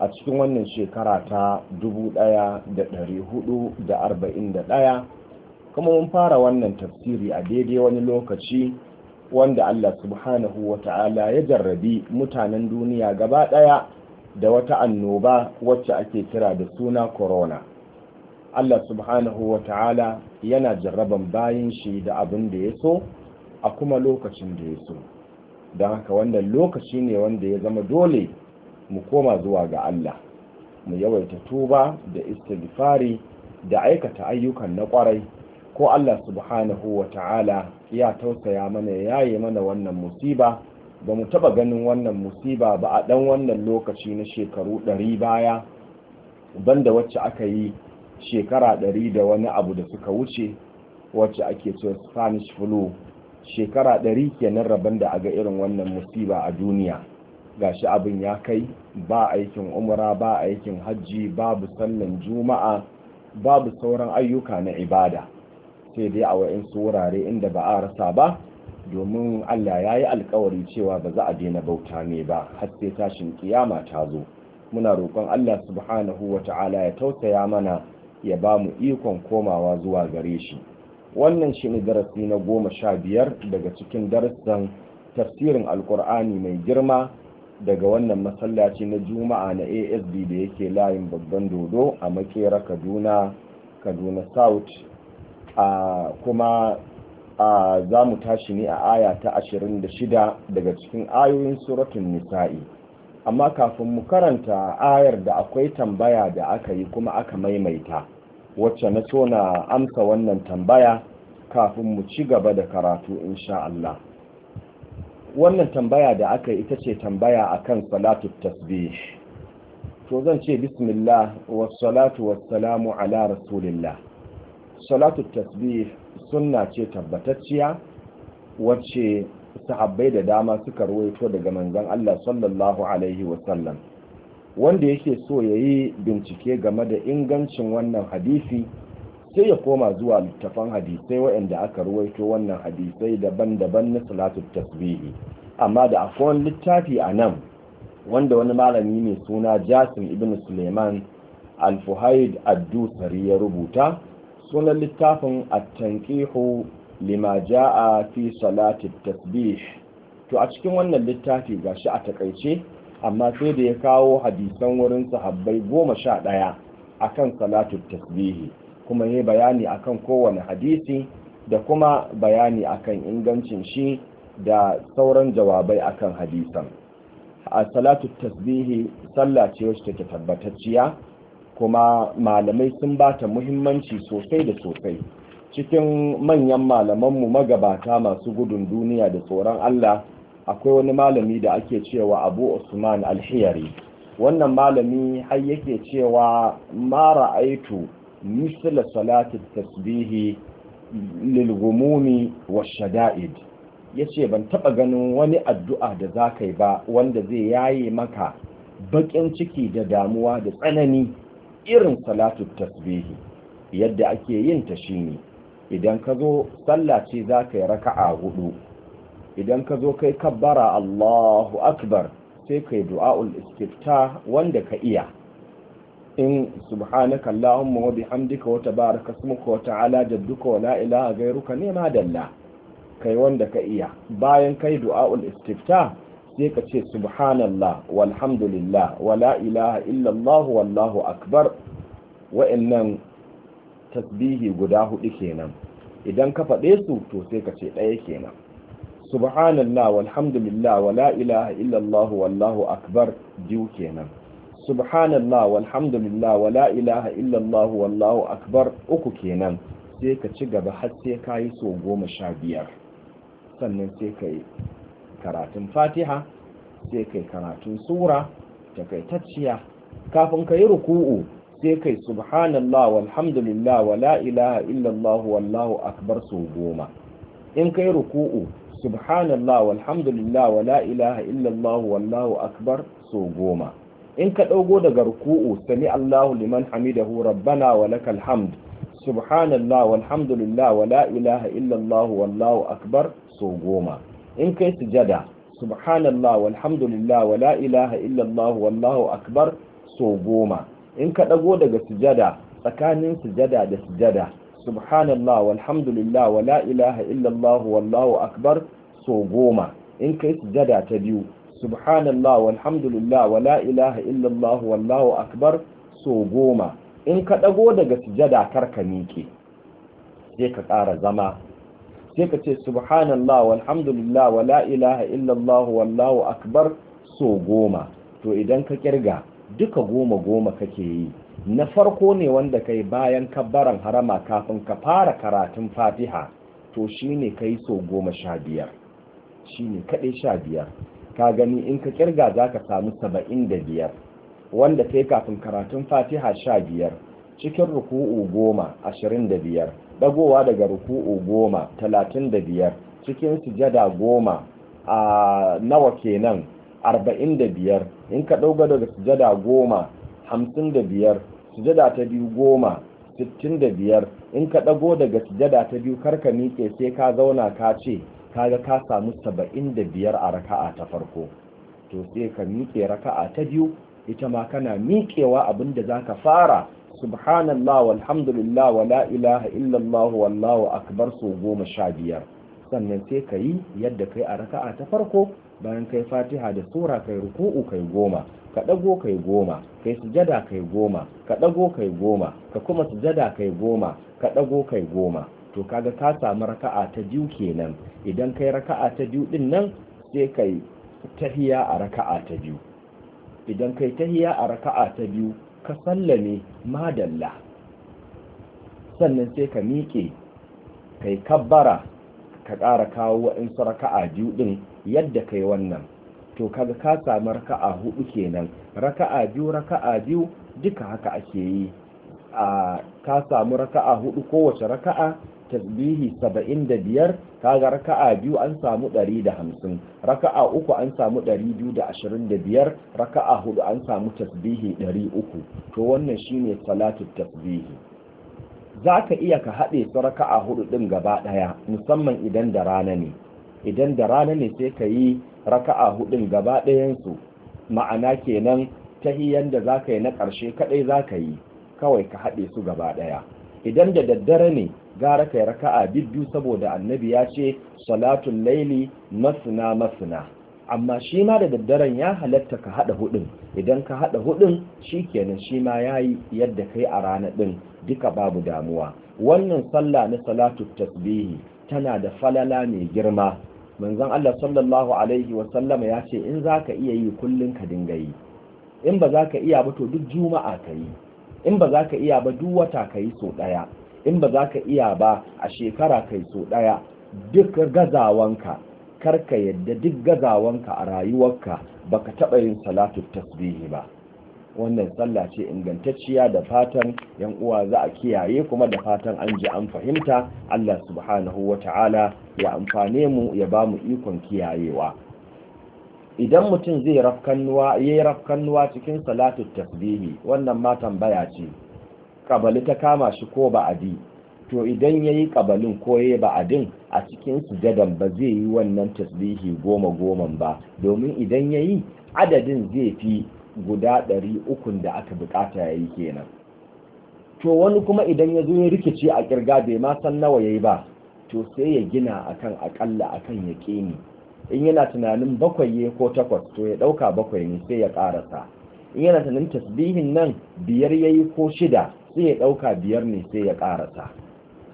a cikin wannan shekara ta 1441 kuma mun fara wannan tafsiri a daidai wani lokaci wanda Allah subhanahu wa ta'ala ya jarrabi mutanen duniya gaba ɗaya da wata annoba wacce ake kira da suna corona Allah subhanahu wa ta'ala yana jarraban bayan shi da abin da ya so a kuma lokacin da ya so don haka wannan lokaci ne wanda ya zama dole mu koma zuwa ga Allah mu yawaita tuba da istighfari da aikata ayyukan na kwarai ko Allah subhanahu wa ta'ala ya tausaya mana yaye mana wannan musiba ba mu taba ganin wannan musiba ba a dan wannan lokaci na shekaru ɗari baya banda wacce aka yi shekara ɗari da wani abu da suka wuce wacce ake cewa spanish flu shekara ɗari kenan rabon da aga irin wannan musiba a duniya Ga shi abin ya kai ba aikin umra ba aikin hajji babu sallan juma'a babu sauran ayyuka na ibada sai dai a wa'insu wurare inda ba a rasa ba domin Allah ya yi alkawari cewa ba za a daina bauta ne ba har sai tashin kiyama ta zo muna roƙon Allah subhanahu wa ta'ala ya tausaya mana ya ba mu ikon komawa zuwa gare shi wannan shi ne darasi na goma sha biyar daga cikin darasin tafsirin alkur'ani mai girma daga wannan masallaci na juma'a na asb da yake layin babban dodo a makera kaduna kaduna south a kuma a za mu tashi ne a aya ta 26 daga cikin ayoyin suratun nisa'i amma kafin mu karanta ayar da akwai tambaya da aka yi kuma aka maimaita wacce na so na amsa wannan tambaya kafin mu ci gaba da karatu insha Allah. wannan tambaya da aka ita ce tambaya akan salatu tasbih to zan ce bismillah wassalatu wassalamu ala rasulillah salatu tasbih sunna ce tabbatacciya wacce sahabbai da dama suka ruwaito daga manzon Allah sallallahu alaihi wasallam wanda yake so yayi bincike game da ingancin wannan hadisi sai ya koma zuwa littafan hadisai waɗanda aka ruwaito wannan hadisai daban-daban na salatu tasbihi amma da akwai littafi a nan wanda wani malami ne suna jasim ibn suleiman alfuhaid addusari ya rubuta sunan littafin a tankihu lima jaa fi salatu tasbih to a cikin wannan littafi shi a takaice amma sai da ya kawo hadisan wurin sahabbai goma sha ɗaya a kan salatu tasbihi kuma yi bayani akan kowane hadisi da kuma bayani akan ingancin shi da sauran jawabai akan hadisan a salatu tasbihi sallah ce wacce take tabbatacciya kuma malamai sun ba ta muhimmanci sosai da sosai cikin manyan malamanmu magabata masu gudun duniya da tsoron Allah akwai wani malami da ake cewa Abu Usman Alhiyari wannan malami har yake cewa mara aitu مثل صلاة التسبيح للغموم والشدائد yace ban taɓa ganin wani addu'a da za ka yi ba wanda zai yaye maka baƙin ciki da damuwa da tsanani irin salatu tasbihi yadda ake yin ta ne. idan ka zo ce za ka yi raka'a hudu idan ka zo kai kabbara Allahu akbar sai ka yi du'a'ul istifta wanda ka iya in subhanaka allahumma wa bihamdika wa tabaraka ismuka wa ta'ala jadduka wa la ilaha ghairuka ne ma kai wanda ka iya bayan kai du'aul istifta sai ka ce subhanallah walhamdulillah wa la ilaha illallah wallahu akbar wa'annan tasbihi guda hudu kenan idan ka faɗe su to sai ka ce ɗaya kenan subhanallah walhamdulillah wa la ilaha illallah wallahu akbar biyu kenan subhanallah walhamdulillah wala ilaha illallah wallahu akbar uku kenan sai ka ci gaba har sai ka yi so goma sha biyar sannan sai ka yi karatun fatiha sai ka yi karatun sura tacciya kafin ka yi ruku'u sai kai subhanallah walhamdulillah wala ilaha illallah wallahu akbar so goma in ka yi ruku'u subhanallah walhamdulillah wala ilaha illallah wallahu akbar so goma in ka ɗaugo daga ruku'u sami Allahu liman hamidahu rabbana wa lakal hamd subhanallah walhamdulillah wa la ilaha Allah wallahu akbar so goma in kai sujada subhanallah walhamdulillah wa la ilaha Allah wallahu akbar so goma in ka ɗago daga sujada tsakanin sujada da sujada subhanallah walhamdulillah wa la ilaha Allah wallahu akbar so goma in kai sujada ta biyu subhanallah walhamdulillah wala ilaha illallah wallahu akbar so goma in ka ɗago daga sujada karka miƙe sai ka ƙara zama sai ka ce subhanallah walhamdulillah wala ilaha illallah wallahu akbar so goma to idan ka kirga duka goma goma kake yi na farko ne wanda kai bayan kabbaran harama kafin ka fara karatun fatiha to shine kai so goma sha biyar shine kaɗai sha biyar ka gani in ka kirga za ka samu saba'in da biyar wanda sai kafin karatun fatiha sha biyar cikin ruku'u goma ashirin da biyar dagowa daga ruku'u goma talatin da biyar cikin sujada goma a nawa kenan arba'in da biyar in ka ɗauga daga sujada goma hamsin da biyar sujada ta biyu goma sittin da biyar in ka ɗago daga sujada ta biyu karka miƙe sai ka zauna ka ce kaga ka samu biyar a raka'a ta farko to sai ka miƙe raka'a ta biyu ita ma kana miƙewa abinda za ka fara subhanallah walhamdulillah wala ilaha illallah wallahu akbar so goma sha biyar sannan sai ka yi yadda kai a raka'a ta farko bayan kai fatiha da sura kai ruku'u kai goma ka ɗago kai goma kai sujada kai goma ka ɗago kai goma ka kuma sujada kai goma ka ɗago kai goma to kaga ka samu raka'a ta biyu kenan idan kai raka'a ta biyu din nan sai kai tahiya a raka'a ta biyu idan kai tahiya a raka'a ta biyu ka sallame madalla sannan sai ka miƙe kai kabbara ka ƙara kawo wa'insu raka'a biyu ɗin yadda kai wannan to kaga ka samu raka'a hudu kenan raka'a biyu raka'a biyu duka haka ake yi a ka samu raka'a hudu kowace raka'a tasbihi saba'in da biyar kaga raka'a biyu an samu ɗari da hamsin raka'a uku an samu ɗari biyu da ashirin da biyar raka'a hudu an samu tasbihi ɗari uku to wannan shine salatu tasbihi za ka iya ka haɗe su raka'a hudu ɗin gaba ɗaya musamman idan da rana ne idan da rana ne sai ka yi raka'a hudun gaba ɗayansu ma'ana kenan ta tahiyan da za ka yi na ƙarshe kaɗai za ka yi kawai ka haɗe su gaba ɗaya idan da daddare ne gara kai raka'a biyu saboda annabi ya ce salatul laili masna masna amma shi ma da daddaren ya halatta ka hada hudun idan ka hada hudun shikenan shi ma yayi yadda kai a rana din duka babu damuwa wannan sallah na salatu tasbihi tana da falala mai girma manzon Allah sallallahu alaihi wa sallama ya ce in zaka iya yi kullun ka dinga yi in ba za iya ba to duk juma'a ka yi in ba za ka iya ba duk wata ka yi so ɗaya in ba za ka iya ba a shekara kai so ɗaya duk gazawanka karka yadda duk gazawanka a rayuwarka baka taɓa yin salatu tasbihi ba wannan sallah ce ingantacciya da fatan yan uwa za a kiyaye kuma da fatan an ji an fahimta Allah subhanahu wata'ala ya amfane mu ya ba mu ikon kiyayewa idan mutum zai rafkannuwa yayi rafkannuwa cikin salatu tasbihi wannan ma tambaya ce ƙabali ta kama shi ko ba'adi to idan ya yi ƙabalin ko ya yi ba'adin a cikin sujadan ba zai yi wannan tasbihi goma goman ba domin idan ya yi adadin zai fi guda ɗari ukun da aka bukata ya yi kenan to wani kuma idan ya zo ya rikice a kirga bai ma san nawa ya yi ba to sai ya gina akan akalla akan ya ƙini in yana tunanin bakwai ya ko takwas to ya ɗauka bakwai ne sai ya ƙarasa in yana tunanin tasbihin nan biyar ya yi ko shida sai ya ɗauka biyar ne sai ya ƙarasa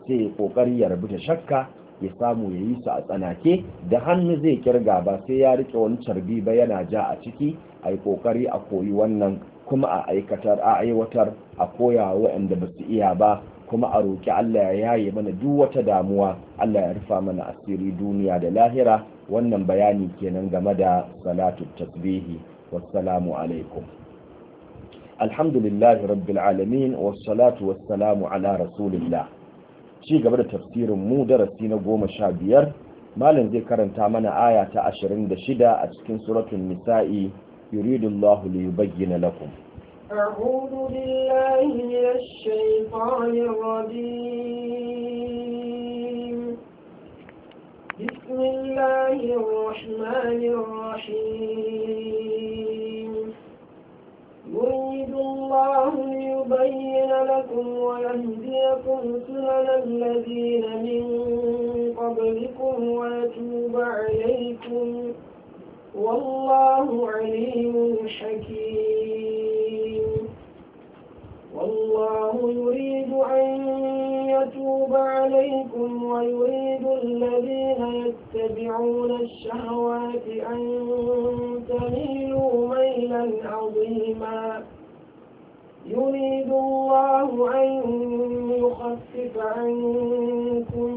sai ya ƙoƙari ya rabu ta shakka ya samu ya yi su a tsanake da hannu zai kirga ba sai ya riƙe wani carbi ba yana ja a ciki a yi ƙoƙari a koyi wannan kuma a aikatar a aiwatar a koya waɗanda ba su iya ba kuma a roƙi Allah ya yaye mana duk wata damuwa Allah ya rufa mana asiri duniya da lahira wannan bayani kenan game da salatu tasbihi wassalamu alaikum alhamdulillahi rabbil alamin wassalatu wassalamu ala rasulillah ci gaba da tafsirin mu darasi na goma sha biyar malam zai karanta mana aya ta ashirin da shida a cikin suratun nisa'i yuridu Allah li yubayyana lakum أعوذ بالله من الشيطان الرجيم بسم الله الرحمن الرحيم الله ليبين لكم ويهديكم سنن الذين من قبلكم ويتوب عليكم والله عليم حكيم والله يريد أن يتوب عليكم ويريد الذين يتبعون الشهوات أن تميلوا ميلا عظيما يريد الله أن يخفف عنكم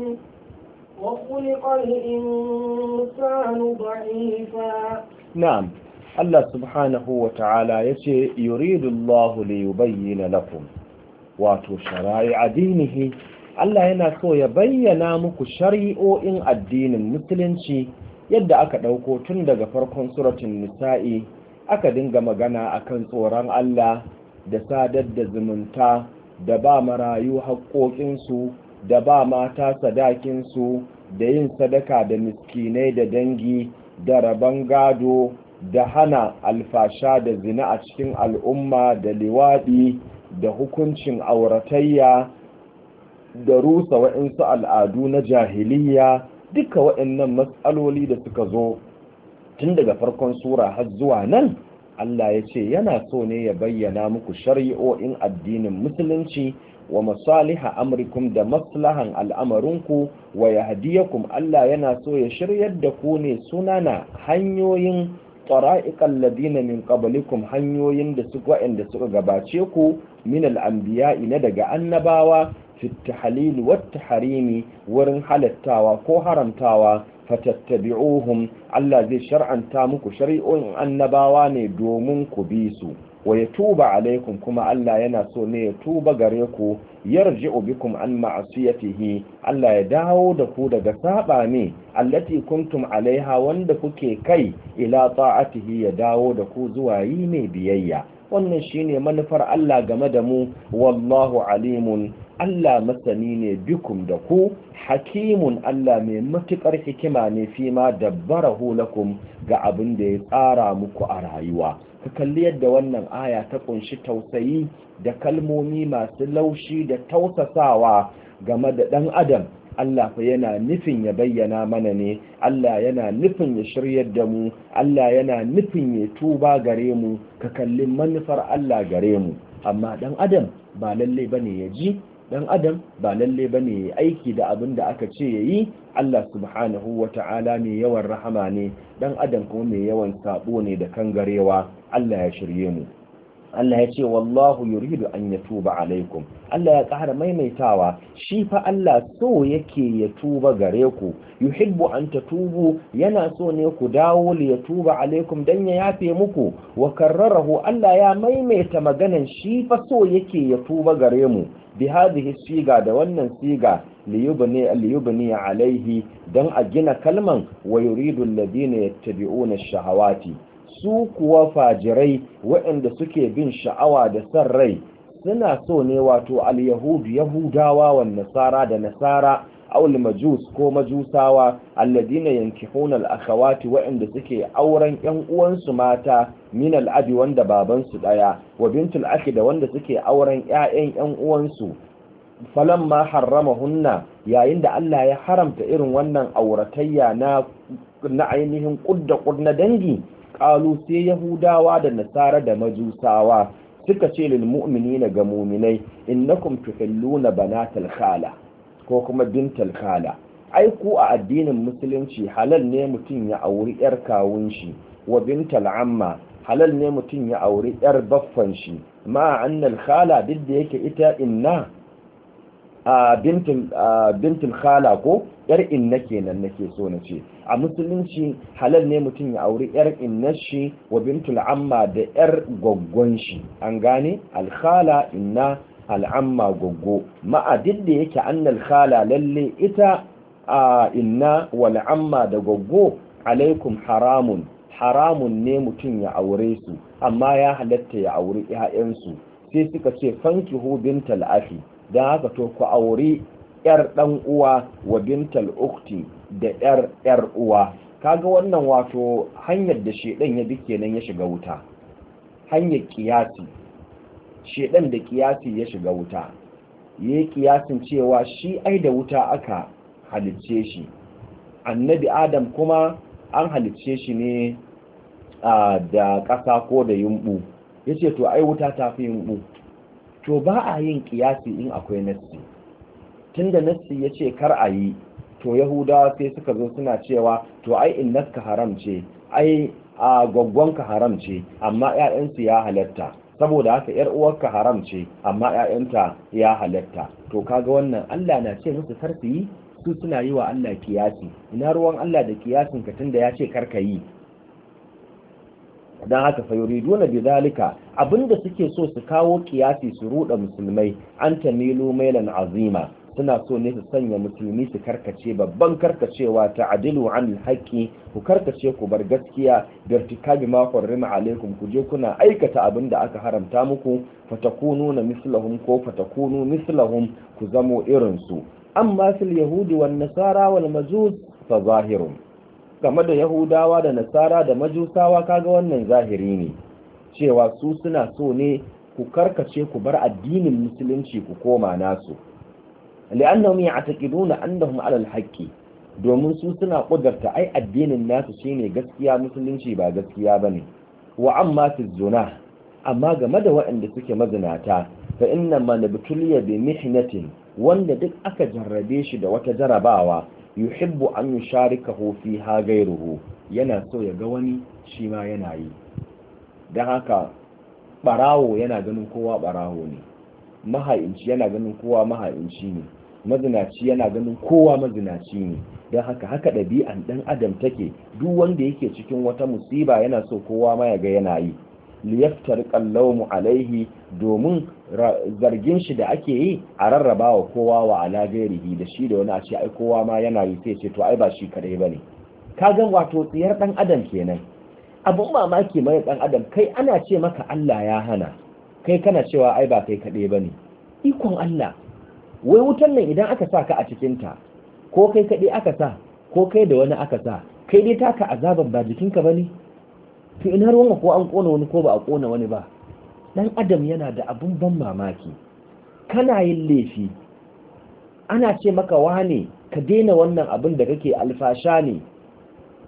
وخلق الإنسان ضعيفا نعم Allah subhanahu wa ta'ala ya ce, ليبين لكم واتو شرائع wato Allah yana so ya bayyana muku shari'o'in addinin musulunci yadda aka ɗauko tun daga farkon suratun nisa'i aka dinga magana akan tsoron Allah da sadar da zumunta da ba marayu haƙoƙinsu da ba mata sadakinsu da yin sadaka da miskinai da dangi da rabon gado da hana alfasha da zina a cikin al'umma da liwaɗi da hukuncin auratayya da rusa waɗansu al'adu na jahiliya duka waɗannan matsaloli da suka zo tun daga farkon sura har zuwa nan Allah ya ce yana so ne ya bayyana muku shari'o'in addinin musulunci wa masaliha amrikum da maslahan al'amarinku wa yahdiyakum Allah yana so ya shiryar da ku ne sunana hanyoyin tsara'iƙan ladina min hanyoyin da suka waɗanda suka gabace ku min al'ambiya'i ina daga annabawa fi tahlil wa tahrimi wurin halattawa ko haramtawa fatattabi'uhum Allah zai shar'anta muku shari'un annabawa ne domin ku bi su wa ya tuba alaikum kuma Allah yana so ne ya tuba gare ku yarji'u bikum an ma'asiyatihi Allah ya dawo da ku daga sabani allati kuntum alaiha wanda kuke kai ila ta'atihi ya dawo da ku zuwa yi mai biyayya wannan shine manufar Allah game da mu wallahu alimun Allah masani ne bikum da ku hakimun Allah mai matukar hikima ne fi ma dabbarahu lakum ga abin da ya tsara muku a rayuwa ka kalli yadda wannan aya ta kunshi tausayi da kalmomi masu laushi da tausasawa game da ɗan adam Allah fa yana nufin ya bayyana mana ne Allah yana nufin ya shiryar da mu Allah yana nufin ya tuba gare mu ka kalli manufar Allah gare mu amma ɗan adam ba lalle bane ya ji dan adam ba lalle bane yayi aiki da abin da aka ce yayi Allah subhanahu wata'ala mai yawan rahama ne dan adam kuma mai yawan sabo ne da kangarewa Allah ya shirye mu Allah ya ce wallahu yuridu an yatuba alaikum Allah ya ƙara maimaitawa shi fa Allah so yake ya tuba gare ku yuhibbu an tatubu yana so ne ku dawo li yatuba alaikum dan ya yafe muku wa karrarahu Allah ya maimaita maganan shi fa so yake ya tuba gare mu bi hadhihi siga da wannan siga liyubni liyubni alaihi dan a gina kalman wa yuridu alladhina yattabi'una ash su kuwa fajirai waɗanda suke bin sha'awa da son rai suna so ne wato al-yahud yahudawa wan nasara da nasara aw majus ko majusawa alladina yankihuna al-akhawati waɗanda suke auren ƴan uwansu mata min al-abi wanda babansu daya wa bintul akhi da wanda suke auren ƴaƴan ƴan uwansu falamma harramahunna yayin da Allah ya haramta irin wannan auratayya na na ainihin kudda kudna dangi qalu sai yahudawa da nasara da majusawa suka ce lil mu'minina ga mu'minai innakum tuhilluna banatal khala ko kuma bintal kala ai ku a addinin musulunci halal ne mutum ya auri yar kawun shi wa bintal amma halal ne mutum ya auri yar baffan shi ma annal khala duk da yake ita inna a bintin khala ko yar inna kenan nake so na ce a musulunci halal ne mutum ya auri yar inna shi wa bintul amma da yar gwaggon shi an gane alkhala inna al'amma goggo ma'a duk da yake annal khala lalle ita a inna wal'amma da goggo alaikum haramun haramun ne mutum ya aure su amma ya halatta ya aure 'ya'yansu sai suka ce fanki hu bintal afi don haka to ku aure 'yar ɗan uwa wa bintal ukti da 'yar 'yar uwa kaga wannan wato hanyar da shedan ya bi kenan ya shiga wuta hanyar kiyasi shedan da kiyasi ya shiga wuta ya yi kiyasin cewa shi ai da wuta aka halicce shi annabi adam kuma an halicce shi ne da ƙasa ko da yumbu ce to ai wuta ta fi yumbu to ba a yin kiyasi in akwai nassi tunda nassi ya ce kar a yi to yahudawa sai suka zo suna cewa to ai in haram ce ai a gwaggwanka haram ce amma 'ya'yansu ya halatta saboda haka yar uwarka haram ce amma 'ya'yanta ya halatta to kaga wannan Allah na ce musu kar su yi su suna yi wa Allah kiyasi ina ruwan Allah da kiyasin ka tunda ya ce kar ka yi dan haka fa yuriduna bidhalika abinda suke so su kawo kiyasi su ruda musulmai an tamilu mailan azima suna so ne su sanya musulmi su karkace babban karkacewa ta adilu an haƙƙi ku karkace ku bar gaskiya da tikabi makon rima alaikum ku je kuna aikata abin da aka haramta muku fatakunu na mislahum ko fatakunu mislahum ku zamo irin su amma fil yahudi wan nasara wal majus fa zahirun game da yahudawa da nasara da majusawa kaga wannan zahiri ne cewa su suna so ne ku karkace ku bar addinin musulunci ku koma nasu li'annahum ya'taqiduna annahum 'ala al domin su suna kudarta ai addinin nasu shine gaskiya musulunci ba gaskiya bane wa amma fi zuna amma game da waɗanda suke mazinata fa inna man butuliya bi mihnatin wanda duk aka jarrabe shi da wata jarabawa yuhibbu an yusharikahu fiha ghayruhu yana so ya ga wani shi ma yana yi dan haka barawo yana ganin kowa barawo ne maha'inci yana ganin kowa maha'inci ne mazinaci yana ganin kowa mazinaci ne don haka haka ɗabi'an ɗan adam take duk wanda yake cikin wata musiba yana so kowa ma ya ga yana yi liyaftar mu alaihi domin zargin shi da ake yi a rarraba wa kowa wa alagairihi da shi da wani a ce ai kowa ma yana yi sai ce to ai ba shi kadai ne. ka gan wato tsiyar ɗan adam kenan abun mamaki mai ɗan adam kai ana ce maka Allah ya hana kai kana cewa ai ba kai kadai ne. ikon Allah wai wutan nan idan aka sa ka a cikinta ko kai kaɗai aka sa ko kai da wani aka sa kai dai taka azaban ba jikinka ba ne to ina ruwan ko an ƙona wani ko ba a ƙona wani ba dan adam yana da abun ban mamaki kana yin laifi ana ce maka wane ka daina wannan abin da kake alfasha ne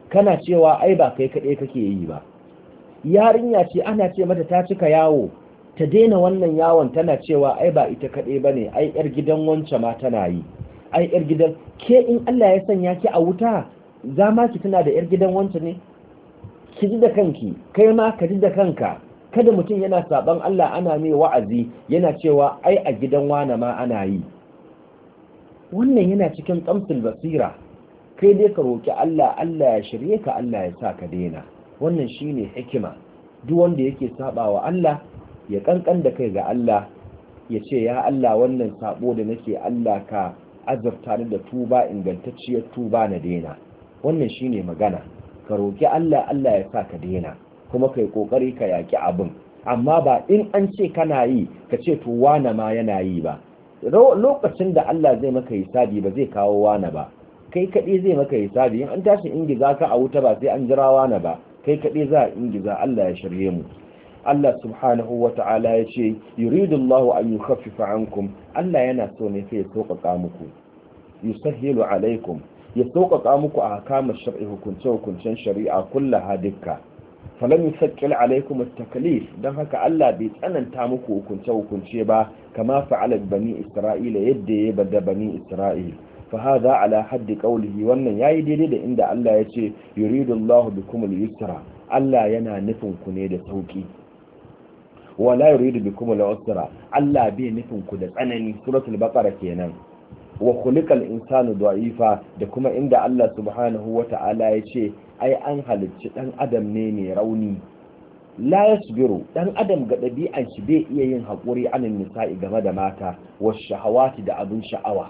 kana cewa ai ba kai kaɗai kake yi ba yarinya ce ana ce mata ta cika yawo ta daina wannan yawon tana cewa ai ba ita kaɗai ba ne ai yar gidan wance ma tana yi ai yar gidan ke in Allah ya sanya ki a wuta za ma ki tana da yar gidan wance ne ki ji da kanki kai ma ka ji da kanka kada mutum yana saban Allah ana mai wa'azi yana cewa ai a gidan wane ma ana yi wannan yana cikin tsamsul basira kai dai ka roki Allah Allah ya shirye ka Allah ya sa ka daina wannan shine hikima duk wanda yake saba Allah ya kankan da kai ga Allah ya ce ya Allah wannan sabo da nake Allah ka azurta ni da tuba ingantacciyar tuba na daina wannan shine magana ka roki Allah Allah ya sa ka daina kuma kai kokari ka yaki abin amma ba in an ce kana yi ka ce to wana ma yana yi ba lokacin da Allah zai maka hisabi ba zai kawo wana ba kai kaɗai zai maka hisabi in an tashi ingiza ka a wuta ba sai an jira wana ba kai kaɗai za a ingiza Allah ya shirye mu Allah subhanahu wa ta'ala ya ce yuridullahu an yukhaffifa ankum Allah yana so ne sai ya sauƙaƙa muku yusahhilu alaikum ya sauƙaƙa muku a hakaman shar'i hukunce hukuncen shari'a kullaha dukka falam yusaqqil alaikum at-taklif don haka Allah bai tsananta muku hukunce hukunce ba kama fa'alar bani Isra'ila yadda ya bada bani Isra'il Faha hadha ala haddi qawlihi wannan yayi daidai da inda Allah ya ce yuridullahu bikumul yusra Allah yana nufin ku ne da sauƙi.' wala yuridu bikum al-usra Allah bai nufin ku da tsanani suratul baqara kenan wa khuliqal insanu da'ifa da kuma inda Allah subhanahu wata'ala ya ce ai an halicci dan adam ne ne rauni la yasbiru dan adam ga dabi'an shi bai iya yin hakuri anan nisa'i game da mata was shahawati da abin sha'awa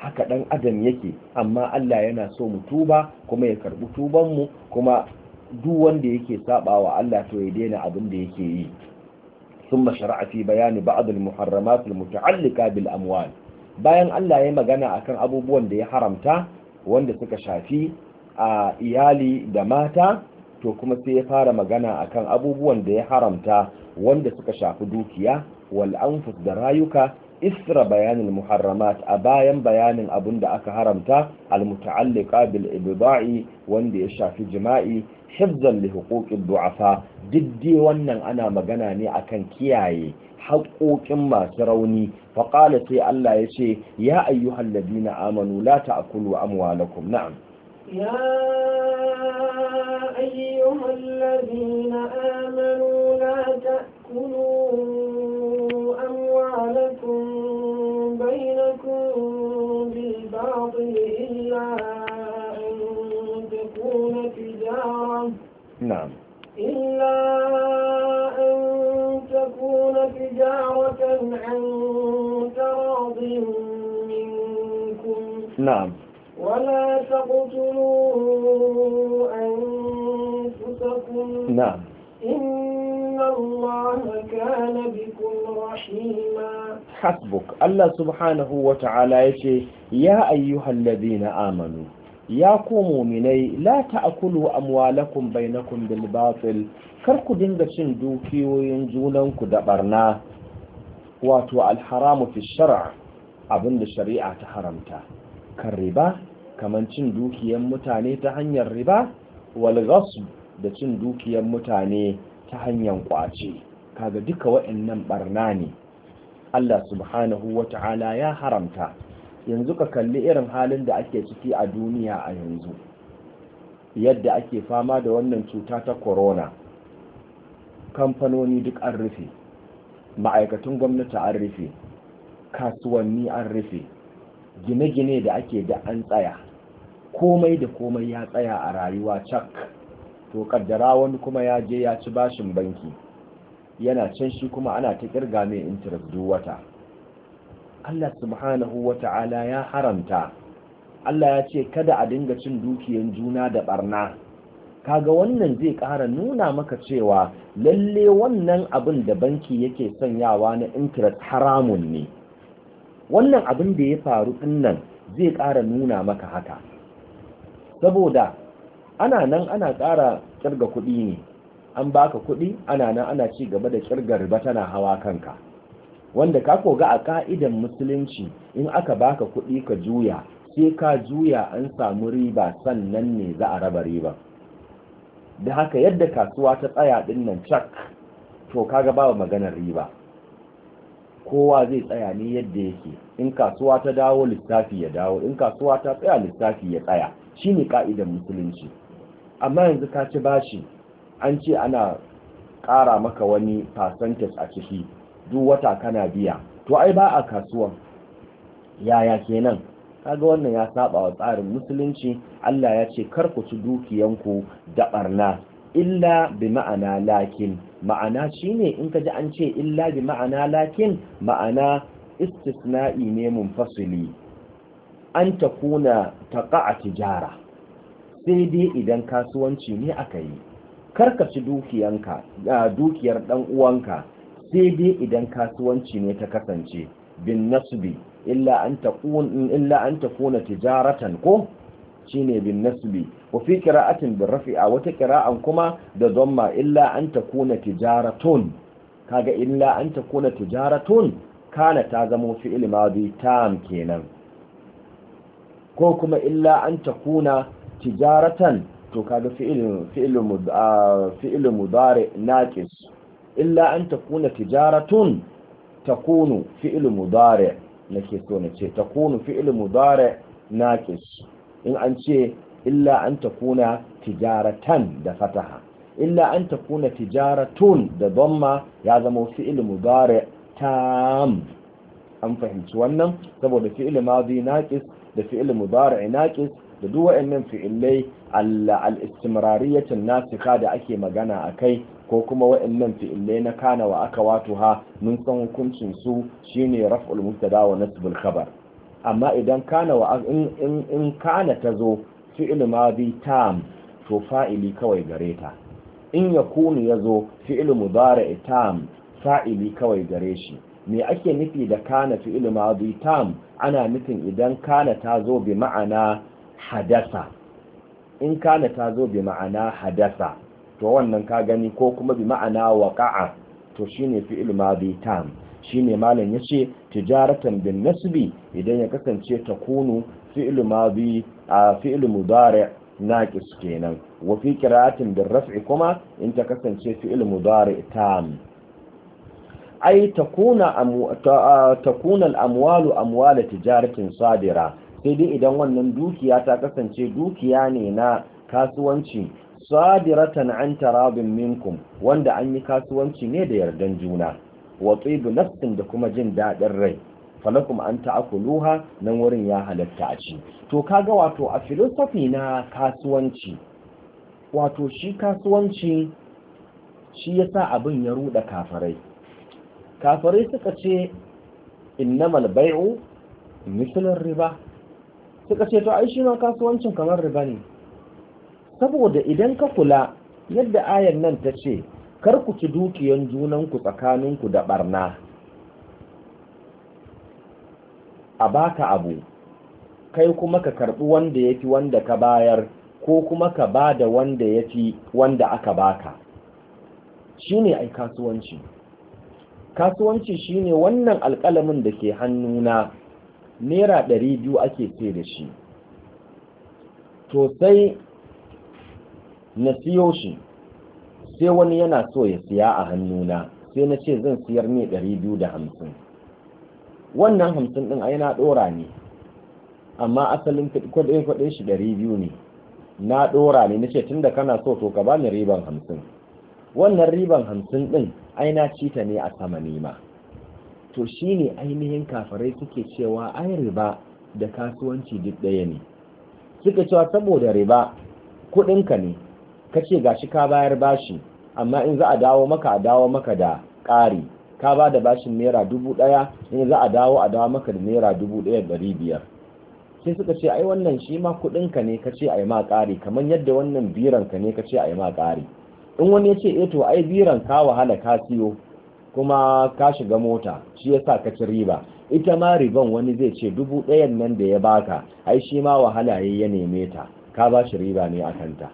haka dan adam yake amma Allah yana so mu tuba kuma ya karbi tuban mu kuma duk wanda yake sabawa Allah to ya daina abin da yake yi ثم شرع في بيان بعض المحرمات المتعلقة بالأموال bayan Allah ya magana akan abubuwan da ya haramta wanda suka shafi a iyali da mata to kuma sai ya fara magana akan abubuwan da ya haramta wanda suka shafi dukiya wal anfus da rayuka isra bayanin muharramat a bayan bayanin abun da aka haramta al muta'alliqa bil ibda'i wanda ya shafi jima'i hifzan li huquqid du'afa diddi wannan ana magana ne akan kiyaye haƙoƙin masu rauni faƙala sai Allah ya ce ya ayyuhal ladina amanu la ta'kulu amwalakum na'am ya ayyuhal ladina amanu la ta'kulu نعم إلا أن تكون تجارة عن تراض منكم نعم ولا تقتلوا أنفسكم نعم إن الله كان بكم رحيما حسبك الله سبحانه وتعالى يا أيها الذين آمنوا ya ku muminai la ta'kulu amwalakum bainakum bil batil kar ku dinga cin dukiyoyin junan ku da barna wato alharamu fi shar'a abinda shari'a ta haramta kan riba kaman cin dukiyan mutane ta hanyar riba wal ghasb da cin dukiyan mutane ta hanyar kwace kaga duka waɗannan barna ne Allah subhanahu wata'ala ya haramta yanzu ka kalli irin halin da ake ciki a duniya a yanzu yadda ake fama da wannan cuta ta corona kamfanoni duk an rufe ma'aikatan gwamnati an rufe kasuwanni an rufe gine-gine da ake da an tsaya komai da komai ya tsaya a rayuwa cak to kaddara wani kuma ya je ya ci bashin banki yana can shi kuma ana ta kirga mai interest duk wata Allah subhanahu wa ta'ala ya haramta Allah ya ce kada a dinga cin dukiyan juna da barna kaga wannan zai ƙara nuna maka cewa lalle wannan abin da banki yake sanyawa na interest haramun ne wannan abin da ya faru nan zai ƙara nuna maka haka saboda ana nan ana ƙara kirga kuɗi ne an baka kuɗi ana nan ana ci gaba da kirgar riba tana hawa kanka wanda ka koga a ka'idan musulunci in aka baka kuɗi ka juya sai ka juya an samu riba sannan ne za a raba riba da haka yadda kasuwa ta tsaya din nan cak to ga babu maganar riba kowa zai tsaya ne yadda yake in kasuwa ta dawo lissafi ya dawo in kasuwa ta tsaya lissafi ya tsaya Shi ne ka'idan musulunci amma yanzu ka ci bashi an ce ana ƙara maka wani percentage a ciki duk wata kana biya to ai ba a kasuwa yaya kenan kaga wannan ya saba wa tsarin musulunci Allah ya ce kar ku ci dukiyanku da barna illa bi ma'ana lakin ma'ana shine in ka ji an ce illa bi ma'ana lakin ma'ana istisna'i ne munfasili an takuna taqa tijara sai dai idan kasuwanci ne aka yi karkaci dukiyanka dukiyar dan uwanka sai dai idan kasuwanci ne ta kasance bin nasbi illa an illa takuna tijaratan ko shine bin nasbi wa fi qira'atin bin rafi'a wata qira'an kuma da dhamma illa an takuna tijaratun kaga illa an takuna tijaratun kana ta zama fi'il tam kenan ko kuma illa an takuna tijaratan to kaga fi fi'il mudari naqis illa an takuna tijaratun takunu fi'il na ke so na ce takunu fi'il mudari naqis in an ce illa an takuna tijaratan da fataha illa an takuna tijaratun da dhamma ya zama fi'il mudari tam an fahimci wannan saboda fi'il madi naqis da fi'il mudari naqis da duk wa'annan fi'ilai al-istimrariyatin nasika da ake magana a kai. ko kuma wa'annan fi'ilai na kana wa aka wato ha mun san hukuncin su shine raf'ul mubtada wa nasbul khabar amma idan kana wa in in, in kana tazo fi'il madi tam to fa'ili kawai gare ta in yakunu yazo fi'il mudari tam fa'ili kawai gare shi me ake nufi da kana fi'il madi tam ana nufin idan kana tazo bi ma'ana hadasa in kana tazo bi ma'ana hadasa to wannan ka gani ko kuma bi ma'ana waqa'a to shine fi'il madi tam shine malam yace tijaratan bin nasbi idan ya kasance kunu fi'il madi a fi'il mudari naqis kenan wa fi qira'atin bil raf'i kuma in ta kasance fi'il mudari tam ai takuna takuna al-amwalu amwal tijaratin sadira sai dai idan wannan dukiya ta kasance dukiya ne na kasuwanci sadiratan an tarabin minkum wanda an yi kasuwanci ne da yardan juna wa tsibu nafsin da kuma jin daɗin rai falakum an ta'akuluha nan wurin ya halatta a ci to kaga wato a filosofi na kasuwanci wato shi kasuwanci shi ya sa abin ya ruɗa kafarai kafarai suka ce innamal bai'u misalar riba suka ce to ai shi ma kasuwancin kamar riba ne saboda idan ka kula yadda ayar nan ta ce kar ku ci dukiyan junanku tsakaninku da barna a baka abu kai kuma ka karbi wanda ya fi wanda ka bayar ko kuma ka ba da wanda ya fi wanda aka baka shi ne ai kasuwanci kasuwanci shi ne wannan alkalamin da ke hannuna naira ɗari biyu ake ce da shi to sai na siyo shi sai wani yana so ya siya a hannuna sai na ce zan siyar ne ɗari biyu da hamsin wannan hamsin ɗin ai na ɗora ne amma asalin kwaɗe-kwaɗe shi ɗari biyu ne na ɗora ne na ce tun da kana so to ka ba ni riban hamsin wannan riban hamsin ɗin ai na cita ne a sama nema to shi ne ainihin kafarai suke cewa ai riba da kasuwanci duk ɗaya ne suka cewa saboda riba kuɗinka ne kace gashi ka bayar bashi amma in za a dawo maka a dawo maka da ƙari ka ba da bashin naira dubu ɗaya in za a dawo a dawo maka da naira dubu ɗaya ɗari biyar sai suka ce ai wannan shi ma kuɗinka ne ka ce ai ma ƙari kamar yadda wannan biranka ne ka ce ai ma ƙari in wani ya ce eh to ai biran ka wahala ka siyo kuma ka shiga mota shi yasa ka ci riba ita ma riban wani zai ce dubu ɗayan nan da ya baka ai shi ma wahala ya neme ta ka ba shi riba ne a kanta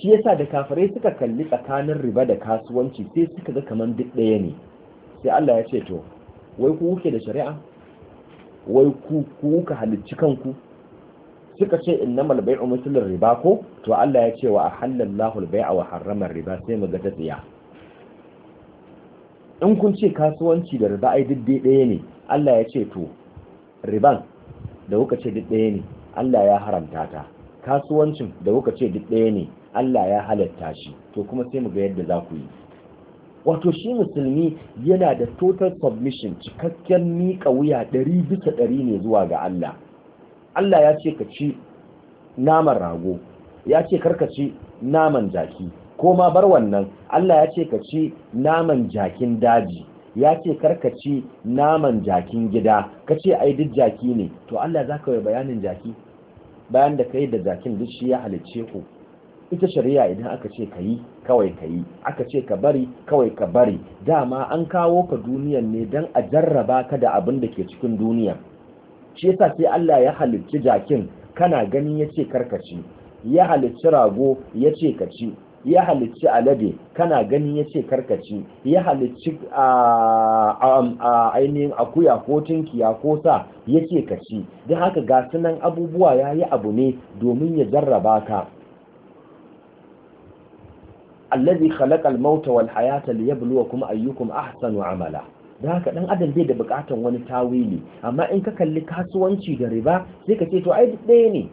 shi yasa da kafirai suka kalli tsakanin riba da kasuwanci sai suka ga kaman duk ɗaya ne sai Allah ya ce to wai ku kuke da shari'a wai ku kuka halicci kanku suka ce innamal bai'u mislul riba ko to Allah ya ce wa ahallallahu al-bai'a wa harrama riba sai mu ga ta tsiya in kun ce kasuwanci da riba ai duk ɗaya ne Allah ya ce to riban da kuka ce duk ɗaya ne Allah ya haramta ta kasuwancin da kuka ce duk ɗaya ne Allah ya halatta shi to kuma sai mu ga yadda za ku yi wato shi musulmi yana da total submission cikakken miƙa wuya ɗari bisa ɗari ne zuwa ga Allah Allah ya ce ka ci naman rago ya ce karka ci naman jaki ko ma bar wannan Allah ya ce ka ci naman jakin daji ya ce karka ci naman jakin gida ka ce ai duk jaki ne to Allah za ka yi bayanin jaki bayan da kai da jakin duk shi ya halicce ku ita shari'a idan aka ce ka yi kawai ka yi aka ce ka bari kawai ka bari dama an kawo ka duniyan ne don a jarraba ka da abin da ke cikin duniya shi yasa sai Allah ya halicci jakin kana gani ya ce karkaci ya halicci rago ya ce ka ya halicci alade kana gani ya ce karkaci ya halicci a ainihin akuya ko tinkiya ko sa ya ce ka ci don haka ga abubuwa ya yi abu ne domin ya jarraba ka allazi khalaqal mauta wal hayata liyabluwakum ayyukum ahsanu amala da haka dan adam bai da bukatan wani tawili amma in ka kalli kasuwanci da riba sai ka ce to ai ɗaya ne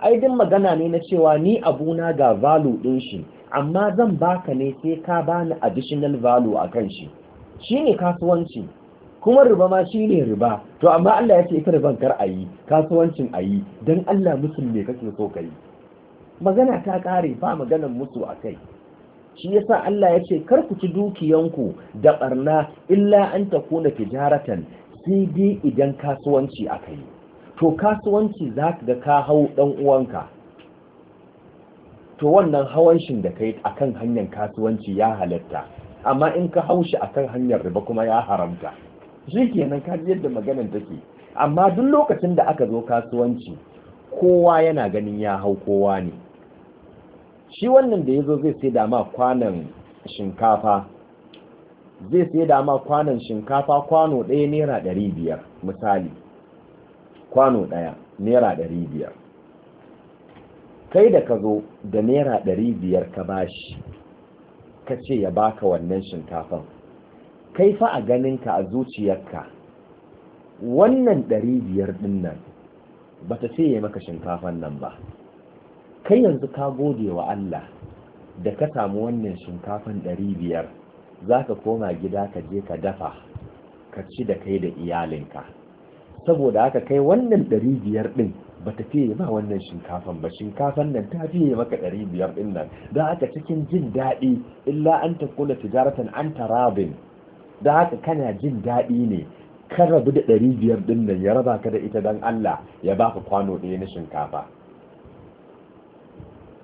ai din magana ne na cewa ni abuna ga value din shi amma zan baka ne sai ka bani additional value akan shi shine kasuwanci kuma riba ma shine riba to amma Allah ya ce ita riban kar ayi kasuwancin ayi yi dan Allah musulmi kake so ka yi magana ta kare ba maganan musu akai shi yasa Allah ya ce kar ku ci dukiyanku da barna illa an takuna tijaratan sai dai idan kasuwanci aka yi to kasuwanci za ka ga ka hau dan uwanka to wannan hawan shin da kai akan hanyar kasuwanci ya halatta amma in ka shi akan hanyar riba kuma ya haramta shi kenan ka yadda magana take amma duk lokacin da aka zo kasuwanci kowa yana ganin ya hau kowa ne shi wannan da ya zo zai sai dama kwanan shinkafa zai sai dama kwanan shinkafa kwano ɗaya naira ɗari biyar misali kwano ɗaya naira ɗari biyar kai da ka zo da naira ɗari biyar ka bashi ka ce ya baka wannan shinkafan kai fa a ganinka a zuciyarka wannan ɗari biyar ɗin nan ba ta ce ya maka shinkafan nan ba kai yanzu ka gode wa Allah da ka samu wannan shinkafan ɗari biyar za ka koma gida ka je ka dafa ka ci da kai da iyalinka saboda haka kai wannan ɗari biyar ɗin ba ta fiye ba wannan shinkafan ba shinkafan nan ta fiye maka ɗari biyar ɗin nan don haka cikin jin daɗi illa an ta kula tijaratan an ta rabin don haka kana jin daɗi ne ka rabu da ɗari biyar ɗin nan ya raba ka da ita don Allah ya baka kwano ɗaya na shinkafa